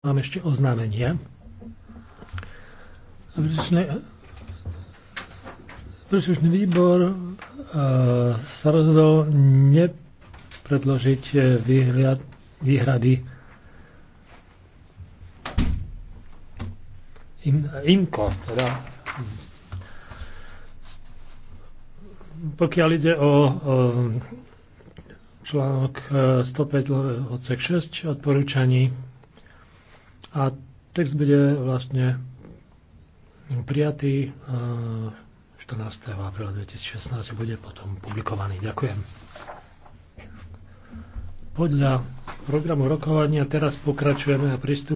Mám ešte oznámenie. Príslušný výbor e, sa rozhodol nepredložiť e, výhľad, výhrady In, IMCO, teda pokiaľ ide o, o článok e, 105 odsek 6 odporúčaní a text bude vlastne prijatý 14. apríla 2016 a bude potom publikovaný. Ďakujem. Podľa programu rokovania teraz pokračujeme a pristupujeme